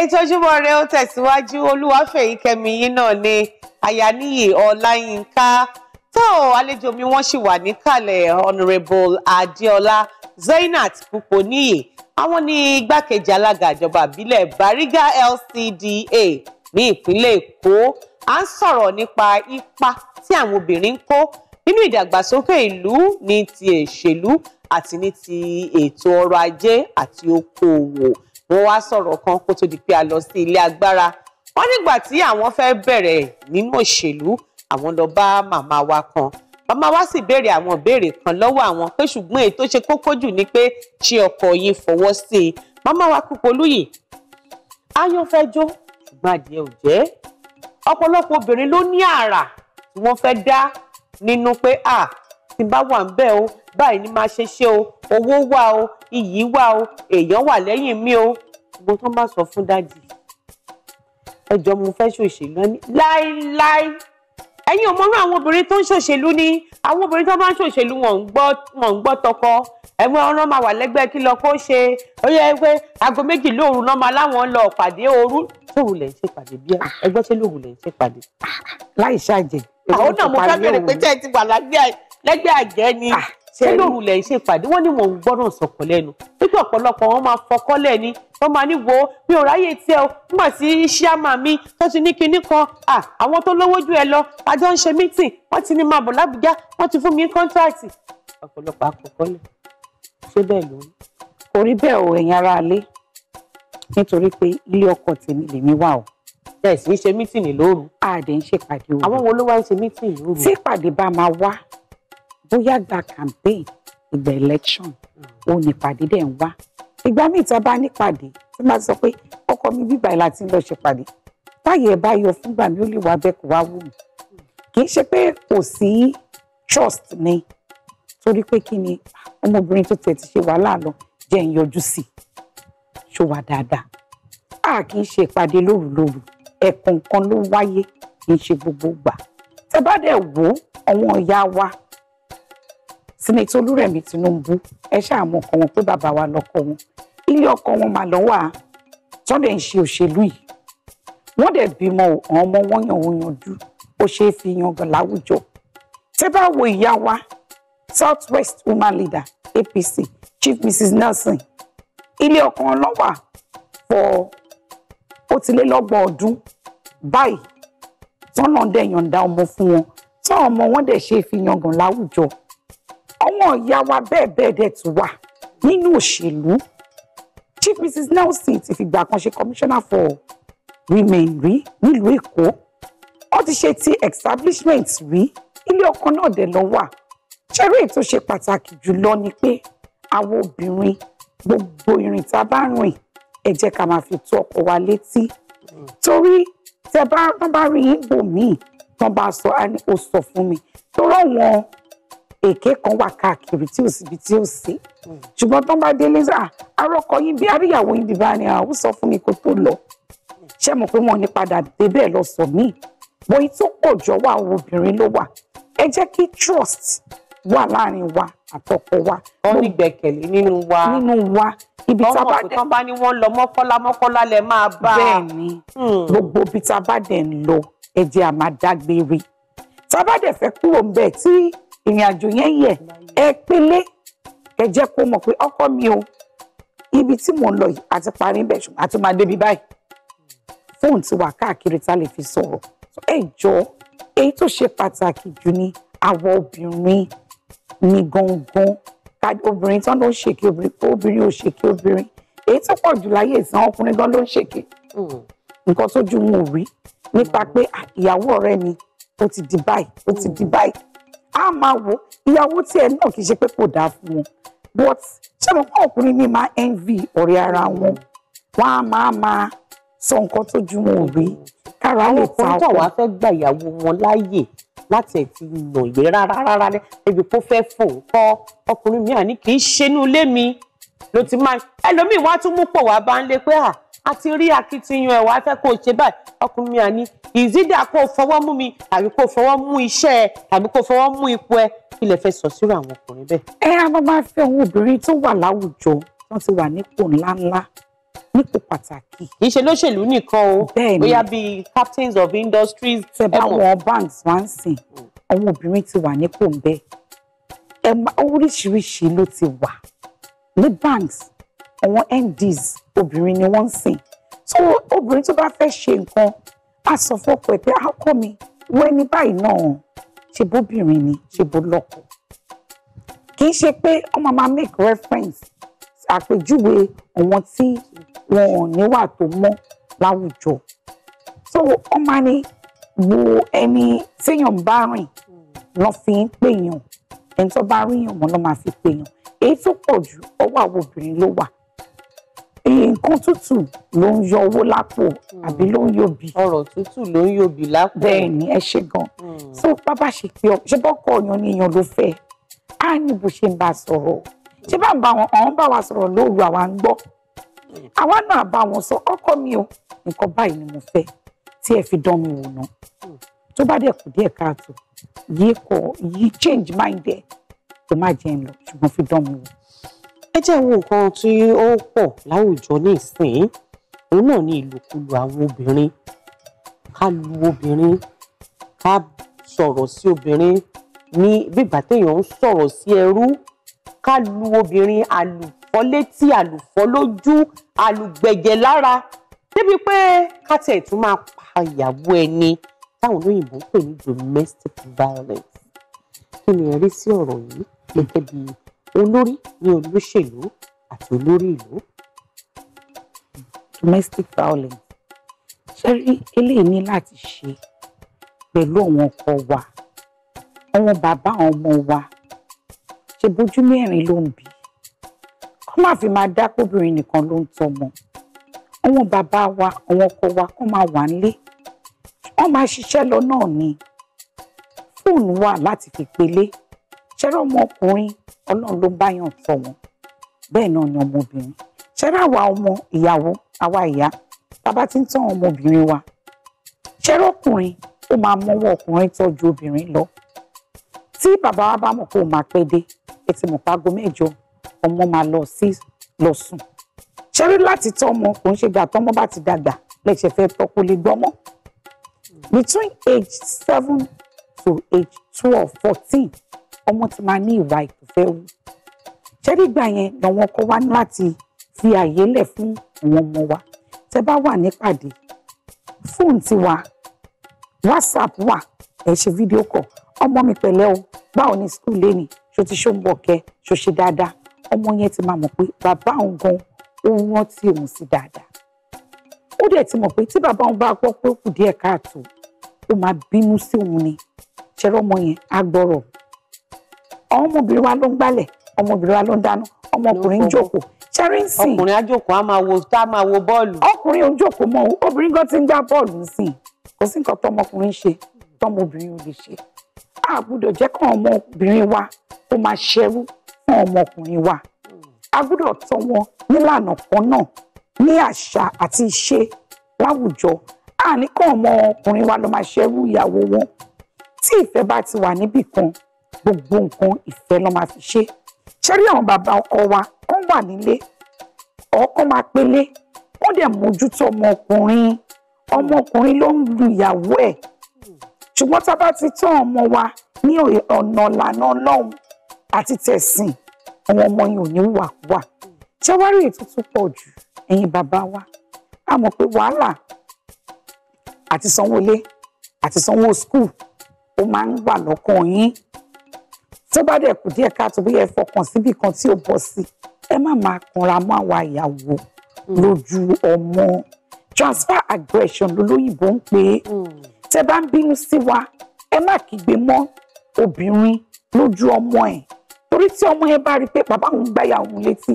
ètò ojúmọ́ rẹ ó tẹ̀síwájú olúwàfẹ̀yìkẹ́mi yìí náà ni àyàníyè ọláyínká tó àlejò mi wọ́n sì wà níkàlẹ̀ honourable adéọlá zainat kúpọ̀níyì àwọn ní igbákejì alága ìjọba ìbílẹ̀ bariga lcda ní ìpínlẹ̀ èkó à ń sọ̀rọ̀ nípa ipa tí àwọn obìnrin ń kó nínú ìdàgbàsókè ìlú ní ti èṣèlú àti ní ti ètò ọrọ̀ ajé àti okòòwò wọ́n wá sọ̀rọ̀ kan kó tó di pé a lọ sí ilé agbára wọ́n nígbà tí àwọn fẹ́ bẹ̀rẹ̀ nínú òṣèlú àwọn lọ bá màmá wa kan màmá wa sì béèrè àwọn ìbéèrè kan lọ́wọ́ àwọn pé ṣùgbọ́n èyí tó ṣe kókó jù ni pé ṣé ọkọ yín fọwọ́ sí i màmá wa kú polúyè ayọ̀ fẹ́ jó ṣùgbọ́n adìẹ ò jẹ́ ọ̀pọ̀lọpọ̀ obìnrin ló ní àrà tí wọ́n fẹ́ dá nínú pé à tí bá wà ń bẹ̀ o báyìí ni máa ṣe ṣe o owó wà o iyì wà o èèyàn wà lẹ́yìn mi o gbogbo tó ń bá sọ fún dájì ẹjọ́ mo fẹ́ ṣòṣèlú ẹni láíláí ẹ̀yin ò mọ̀rún àwọn obìnrin tó ń ṣòṣèlú ni àwọn obìnrin tó bá ń ṣòṣèlú wọn ń gbọ́ tọkọ ẹ̀mú ọ̀ràn máa wà lẹ́gbẹ́ kí lọ kó ṣe ó yẹ pé aago méjì lóru náà máa láwọn lọ pàdé òru tóru lẹ̀ ń ṣe pàdé bí ẹgbẹ́ tó lóru lẹ̀ ń ṣe pàdé. láì ṣàjẹ́. àwọn náà mo fẹ́ bẹ̀rẹ̀ pé jẹ́ ti wà lágbẹ́ àjẹ́ ni. Ah, ṣé lóru lẹ̀ ń ṣe ìpàdé wọ́n ní mò ń gbọ́ràn sọ̀kọ̀ lẹ́nu pípẹ́ ọ̀pọ̀lọpọ̀ wọn máa fọkọ́ lẹ̀ ni wọ́n máa ní wo mi ò ráyè tiẹ̀ o nígbà tí iṣẹ́ àmà mi tó ti ní kinní kan à àwọn tó lówó ju ẹ lọ àjọ ń ṣe mítìn wọ́n ti ní máa bọ̀ lábùjá wọ́n ti fún mi kọ́ńtráàtì ọ̀pọ̀lọpọ̀ àkọ́kọ́ lẹ̀ ṣé bẹ́ẹ̀ ló ń. kò rí bẹ́ẹ̀ o ẹ̀yin ará alé nítorí pé ilé ọkọ tèmi lèmi wà o. bẹ́ẹ̀ sì ń ṣe mítìn lóru. a dẹ̀ ń ṣèpàdé òru. àwọn wo ló wá ń ṣe mítìn lóru. tí ìpàdé bá máa wá bóyá gba campaign ìgbà election ó ní ìpàdé dẹ̀ ń wá ìgbà míì tá a bá nípàdé tí máa sọ pé ọkọ mi bíbá ẹ̀ láti lọ ṣe pàdé táyé ẹ̀ bá yọ fúngbà mi ó lè wá bẹ́ẹ̀ kó wá wù mí kì í ṣe pé kò sí trust ni torí pé kí ni ọmọbìnrin tó tẹ̀ ti ṣe wàhálà lọ jẹ́ ń yọjú sí i ṣó wà dáadáa a kì í ṣe ìpàdé lóru lóru ẹ̀kọ̀ọ̀kan ló wáyé kì í ṣe gbogbo gbà tẹ bá dẹ̀ wò ó àwọn ìyá wa senator olúrẹ̀mí tinubu ẹ ṣàmọ ọkọ wọn pé bàbá wa lọkọ wọn ilé ọkọ wọn mà lọ wà tán dẹ̀ ń ṣe òṣèlú yìí wọ́n dẹ̀ bímọ àwọn ọmọ wọn yàn ó yanjú ó ṣeé fi yangàn láwùjọ tẹ́ bá wo ìyá wa southwest woman leader apc chief mrs nelson ilé ọkọ wọn lọ wà for ó ti lé lọ́gbọ̀n ọdún báyìí tán náà dẹ̀ yọ̀ǹda ọmọ fún wọn tán ọmọ wọn dẹ̀ ṣeé fi yangàn láwùjọ àwọn ìyá wa bẹ́ẹ̀ bẹ́ẹ̀ dẹ̀ tún wà nínú òṣèlú Chief Mrs Nelson ti fìgbà kan ṣe commissioner for women rí nílùú Èkó ó ti ṣe ti establishment rí ilé ọkọ náà dẹ̀ lọ wà ṣeré ètò ṣe pàtàkì jùlọ ni pé àwọn obìnrin gbogbo ìrìn tá a bá rìn ẹ jẹ́ ká máa fi tó ọkọ wa létí torí tẹ bá bá rí ibòmíì tán bá sọ á ó sọ fún mi tó rọ wọn èké kan wà káàkiri tí ò síbi tí ò sí ṣùgbọ́n tó ń bá délé sà arọ́kọ yín bí aríyàwó yín bí bá ní àwọn sọ fún mi kó tó lọ ṣé mo pé wọn ní padà débẹ̀ lọ sọ míì bóyí tó pọ̀ jọ̀wọ́ àwọn obìnrin ló wà ẹ jẹ́ kí trust wà láàrin wa àtọkọ wa. wọ́n ní gbẹ̀kẹ̀lé nínú wa nínú wa ibi tá a bá dẹ̀. ọmọ òkùnkàn bá ní lọ mọ́kọ́lá mọ́kọ́lá lẹ máa bá a. bẹ́ẹ̀ ni hmm. gbogbo ibi tá a bá dẹ̀ ń lọ ẹ jẹ́ a máa dágbére tá a bá dẹ̀ fẹ́ kúrò ń bẹ̀ tí ìrìn àjò yẹn yẹ ẹ pélé ẹ jẹ́ kó mọ̀ pé ọkọ mi o ibi tí mò ń lọ yìí àti parí bẹ̀ ṣùgbọ́n àti máa débi báyìí fóònù ti wà káàkiri tá a lè fi sọ̀rọ̀ ẹ jọ èyí tó ṣe pàtàkì jù ni àwọ obìnrin ní gangan obìnrin tán ló ń ṣèké obìnrin ò ṣèké obìnrin èyí tó pọ̀ jù láyé ìsàn ọkùnrin gan ló ń ṣèké hmm. nǹkan tójú wọn ò rí nípa hmm. pé ìyàwó ọ̀rẹ́ mi ó ti di báyìí ó ti di báyìí á máa wò ìyàwó tiẹ̀ náà kì í ṣe pé kò dáa fún wọn but ṣé mo kọ́ ọkùnrin mi máa envy ọ̀rẹ́ ara wọn wọn á máa máa sọ nǹkan tójú wọn ò rí kára lè ta ọkọ. àwọn kan wàá fẹ́ gba ìyàwó wọn láàyè láti ẹ̀ ti nà yẹ rárá rárá ẹbí kó fẹ́ fò ń kọ́ ọkùnrin mi àní kì í ṣe inú ilé mi ló ti máa ẹlòmíì wá tún mú pọ̀ wá bá ń lé pé à a ti rí akitiyan ẹ̀ wá fẹ́ kó o ṣe báyìí ọkùnrin mi àní ìzídà kó fọwọ́ mú mi àbí kó fọwọ́ mú iṣẹ́ ẹ àbí kó fọwọ́ mú ipò ẹ kí fẹ́ sọ sírò àwọn ọkùnrin bẹ́ẹ̀. ẹ a máa máa fẹ́ àwọn obìnrin tó wà láwùjọ wọ́n ti wà nípò ńláńlá nípò pàtàkì. kì í ṣe lóṣèlú nìkan o bóyá bíi captains of industries. tẹ bá wọn banks wá ń sìn àwọn obìnrin ti wà nípò ń bẹ ẹ oríṣiríṣi ló ti wà ní banks àwọn MDs obìnrin ni wọ́n ń sìn so obìnrin tó bá fẹ́ ṣe nǹkan a sọ fọkọ ẹ pé akọ ah, mi wọ ẹni báyìí náà ṣe bóbìnrin ni ṣe bó lọ́kọ kì í ṣe pé ọmọ máa make reference àpèjúwe àwọn tí wọn ò níwà tó mọ́ láwùjọ so ọmọ ni wo ẹni téèyàn bá rìn lọ fi ń pèèyàn ẹni tó bá ríyàn mọ́ ló máa fi pèèyàn èyí tó pọ̀ jù ọwọ́ àwọn obìnrin ló wà nǹkan tútù ló ń yọ owó lápò àbí ló ń yòbí. ọ̀rọ̀ tútù ló ń yòbí lápò. bẹ́ẹ̀ ni ẹ ṣe gan. Hmm. so bàbá ṣe pé ọ ṣe bọ́kọ ọ̀yàn ni èèyàn ló fẹ́ á ní bó ṣe ń bá a sọ̀rọ̀ ṣé bá ń bá wọn ọ̀hún bá wa sọ̀rọ̀ lóru àwa ń gbọ́ àwa náà bá wọn sọ ọkọ mi o nǹkan báyìí ni mo fẹ́ tí ẹ fi dán mi wò ná tó bá dẹ̀ kù díẹ̀ káàtó yìí kọ yìí change mind ẹ̀ tó má jẹun lọ ṣùgbọ́n fi dán mi wò ẹ jẹ́ wo nǹkan tí ó pọ̀ láwùjọ nísìnyí òun náà ni ìlòkulò àwọn obìnrin ká lu obìnrin ká sọ̀rọ̀ sí obìnrin ní bígbà téèyàn ń sọ̀rọ̀ sí ẹrú ká lu obìnrin àlùfọ́ létí àlùfọ́ lójú àlùgbẹ̀jẹ̀ lára débi pé ká tiẹ̀ tún máa pa ìyàwó ẹni táwọn olóyìnbó ń pè ní domestic violence kí ni ẹ rí sí ọ̀rọ̀ yìí gẹ́gẹ́ bíi olórí ni olóṣèlú àti olórí ìlú domestic violence ṣe rí eléyìí ní láti ṣe pẹ̀lú àwọn ọkọ wa àwọn bàbá àwọn ọmọ wa ṣe bójú mẹ́rin ló ń bí kó má fi máa dá kóbìnrin nìkan ló ń tọ́mọ àwọn bàbá wa àwọn ọkọ wa kó máa wà nílé wọ́n máa ṣiṣẹ́ lọ náà ni fóònù wà láti fi pelé ṣẹ́rọ ọmọkùnrin ọlọ́run ló ń báyàn kọ́ wọn bẹ́ẹ̀ náà ni ọmọbìnrin ṣẹ́rẹ́ àwa ọmọ ìyàwó àwa ìyá bàbá ti ń tán ọmọbìnrin wa ṣẹ́rẹ́ ọkùnrin ó máa mọ́wọ́ ọkùnrin tọ́jú obìnrin lọ tí bàbá wa bá mọ̀ pé ó máa pẹ́ dé ẹ ti mọ̀ pago mẹ́jọ ọmọ máa lọ sí lọ sùn ṣẹ́rẹ́ láti tọ́ ọmọ kò ń ṣe gbà tọ́mọ bá ti dàgbà lẹ́sẹ̀ fẹ́ tọ́kú lè gbọ́mọ́ between age seven to age twelve fourteen ọmọ ti máa ní ìwà ìfẹ́ o ṣẹ́rígbà yẹn làwọn ọkọ wa ní láti fi àyè lẹ̀ fún àwọn ọmọ wa tẹ bá wà nípàdé fóònù ti wà whatsapp wà ẹ ṣe fídíò kọ ọmọ mi pẹ̀lẹ́ o báwo ni skul lẹni ṣo ti ṣó ń bọ̀ kẹ ṣo ṣe dáadáa ọmọ yẹn ti máa mọ̀ pé bàbá òun gan òun rántí òun sí dáadáa ó dẹ̀ ti mọ̀ pé tí bàbá òun bá gbọ́ pé ó kù díẹ̀ káàtó ó máa bínú sí òun ni ṣẹlẹ ọmọ yẹn á gbọ́rọ̀ ọmọbìnrin wa ló ń gbálẹ̀ ọmọbìnrin wa ló ń dáná ọmọkùnrin ń jókòó ṣẹ́rí ń sìn. ọkùnrin á jókòó máa wo tá a máa wo bọ́ọ̀lù. ọkùnrin ò ń jókòó mọ́ obìnrin gan ti ń gbá bọ́ọ̀lù ń sìn kò sí nǹkan tọmọkùnrin ṣe tọmọbìnrin ò lè ṣe. a gbọ́dọ̀ jẹ́ kí ọmọbìnrin wa kó máa ṣerú fún ọmọkùnrin wa. a gbọ́dọ̀ tọ́ wọn nílànà kan náà ní àṣà àti ìṣe láwùjọ. a ní kí ọmọkùnrin wa lọ máa ṣerú ìyàwó wọn. tí ìfẹ́ bá ti wà níbì kan gbogbo nǹkan ìfẹ́ ló máa fi ṣe ṣé rí àwọn bàbá ọkọ wa kán wà nílé ọkàn máa pélé wọ́n dẹ̀ mójútó ọmọkùnrin ọmọkùnrin ló ń lu ìyàwó ẹ̀ ṣùgbọ́n tá a bá ti tọ́ ọmọ wa ní ọ̀nà ìlànà ọlọ́run àti tẹ̀sìn àwọn ọmọ yìí ò ní wà wà ṣé ètò tó pọ̀ jù ẹ̀yin bàbá wa a mọ̀ pé wàhálà àti sanwó ilé àti sanwó skul ó máa ń wà lọ́kàn yín tó bá dẹ̀ kù díẹ̀ káàtó bóyá ẹ fọkàn síbi kan tí ó bọ̀ sí ẹ má máa kanra mọ́ àwa ìyàwó mm. lójú ọmọ transfer aggression lolóyìnbó ń pè é mm. tẹ bá ń bínú sí wa ẹ má kígbe mọ́ obìnrin lójú ọmọ ẹ̀ torí tí ọmọ yẹn bá rí i pé bàbá òun gbáyà òun létí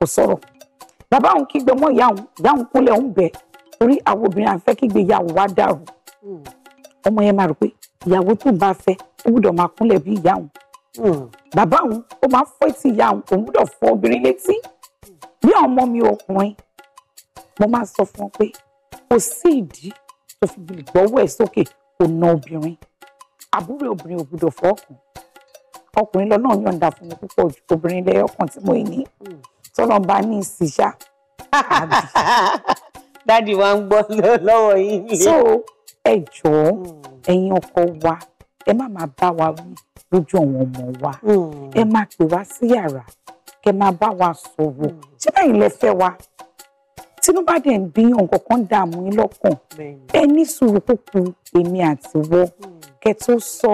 kò sọ̀rọ̀ bàbá òun kígbe mọ́ ìyá òun ìyá òun kúnlẹ̀ òun bẹ̀ torí àwọn obìnrin àfẹ́ kígbe ìyá òun wá dàrú mm. ọmọ yẹn máa rò pé ìyàwó tó bá fẹ́ ó gbọ́dọ̀ máa kúnlẹ̀ bí ìyá òun Hmm. bàbá òun ó máa ń fọ́ etí ìyá òun òun gbọ́dọ̀ fọ́ obìnrin létí bí ọmọ mi ọkùnrin mo máa sọ fún ọ pé kò sí ìdí tó fi gbọ́wọ́ ẹ̀ sókè kò na obìnrin àbúrò obìnrin ò gbọ́dọ̀ fọ́ ọkùnrin ọkùnrin lọ náà yọ̀ǹda fún mi púpọ̀ obìnrin lẹ́yọ̀kan tí mo ní tọ́lọ́ bá ní ìsìṣà. dáàdi wa ń gbọ́ lọ́wọ́ yìí. so ẹ jọ̀ọ́ hmm. ẹ̀yin ọkọ wa ẹ má máa bá wa wí lójú àwọn ọmọ wa hmm. ẹ má pè wá sí yàrá kẹ máa bá wa sọ̀rọ̀ hmm. ṣé báyìí lẹ fẹ́ wa tínú bá dẹ̀ ń bí nǹkan kan dààmú yín lọ́kàn ẹ ní sùúrù kúkú èmi àti wọ hmm. kẹ tó sọ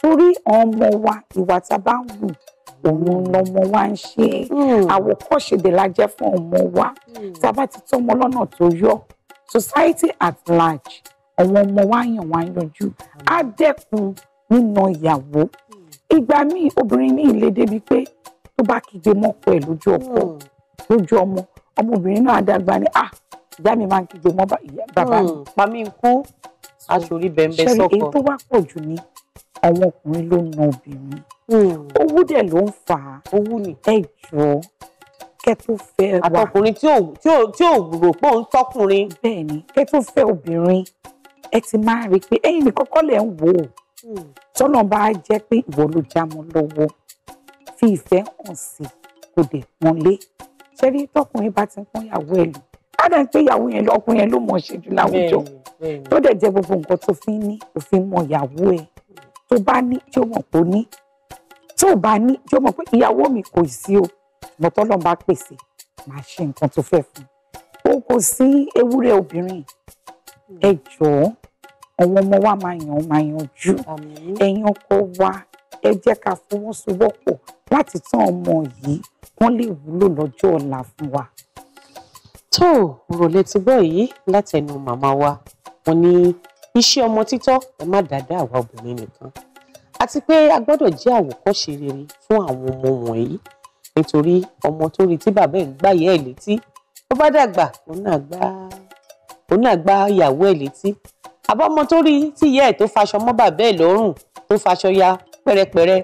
torí ọmọ wa ìwà tá a bá ń wù òun lọmọ wa ń ṣe àwòkọ́ṣe dẹ̀ la jẹ́ fún ọmọ wa tá a bá ti tọ́mọ lọ́nà tó yọ society at large àwọn ọmọ wa yàn wá yanjú á dẹ́kun nínà ìyàwó ìgbà míì obìnrin míì lè débi pé tó bá kígbe mọ́kọ ẹ̀ lójú ọkọ hmm. lójú ọmọ ọmọbìnrin náà dàgbà ni ah ìyá mi máa ń kígbe mọ́ bàbá mi. pàmí hmm. nkú aṣòrí bẹ̀m̀bẹ̀ sọkọ. ṣẹ́rí èyí tó wá pọ̀ jù ní àwọn ọkùnrin ló na obìnrin. Hmm. owó dẹ̀ ló ń fà á. owó ni. ẹ jọ kẹ́ tó fẹ́ wa. àtọkùnrin tí ò tí ò rò pé òun tọkùnrin. bẹ́ẹ̀ni kẹ́ tó fẹ́ obìnrin ẹ ti máa rí i pé ẹ̀yin nìkan kọ́ lẹ ń wò ó tọ́nà bá jẹ́ pé ìwọ ló já mọ́ lọ́wọ́ fi ìfẹ́ hàn sí kò dẹ̀ wọ́n lé ṣe rí tọkùnrin bá ti ń pọ́n ìyàwó ẹ̀ lò ádà ń pé ìyàwó yẹn lọkùnrin yẹn ló mọ̀ ṣe jù láwùjọ tó dẹ̀ jẹ́ gbogbo nǹkan tó fi ní òfin mọ ìyàwó ẹ̀ tó bá ní tí ó mọ̀ pé ó ní tó bá ní tí ó mọ̀ pé ìyàwó mi kò sí o mọ̀tọ́lọ́ bá pèsè máa ṣe nǹkan tó fẹ́ fún un o kò sí ewúrẹ́ obìnrin ẹ àwọn ọmọ wa máa yàn máa yanjú ẹ̀yin ọkọ wa ẹ jẹ́ ká fọwọ́sowọ́pọ̀ láti tán ọmọ yìí wọ́n lè wúlò lọ́jọ́ ọ̀la fún wa. tó o rò lè ti gbọ́ yìí látẹnu màmá wa wọ́n ní iṣẹ́ ọmọ títọ́ ẹ má dàda àwa obìnrin nìkan àti pé a gbọ́dọ̀ jẹ́ àwòkọ́ṣe rere fún àwọn ọmọ wọ̀nyí nítorí ọmọ tó rí tí bàbá ẹ̀ ń gbáyé ẹ̀ létí ó bá dàgbà òun náà gbá ìyàwó ẹ̀ létí àbọ̀mọ tó rí tíyẹ́ ẹ̀ tó faṣọ mọ́ bàbá ẹ̀ lọ́rùn tó faṣọ ya pẹ́rẹpẹ́rẹ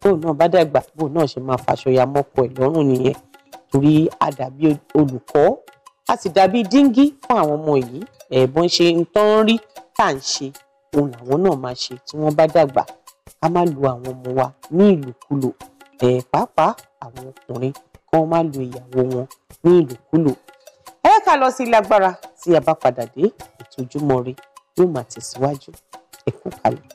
tóun náà bá dàgbà bóun náà ṣe máa faṣọ ya mọ́kọ ẹ̀ lọ́rùn nìyẹn torí a dàbí olùkọ́ a sì dàbí díngí fún àwọn ọmọ yìí ẹ̀bùn ṣe ń tán rí tá à ń ṣe òun làwọn náà máa ṣe tí wọ́n bá dàgbà ká má lu àwọn ọmọ wa ní ìlòkulò ẹ̀ pàápàá àwọn ọkùnrin kí má lu ìyàwó wọn ní ìlòkulò ẹ ká lọ sí ilé agbára tí a bá padà dé ètò Ojúmọ́ Ire yóò máa tẹ̀síwájú ẹ̀kú kalẹ̀.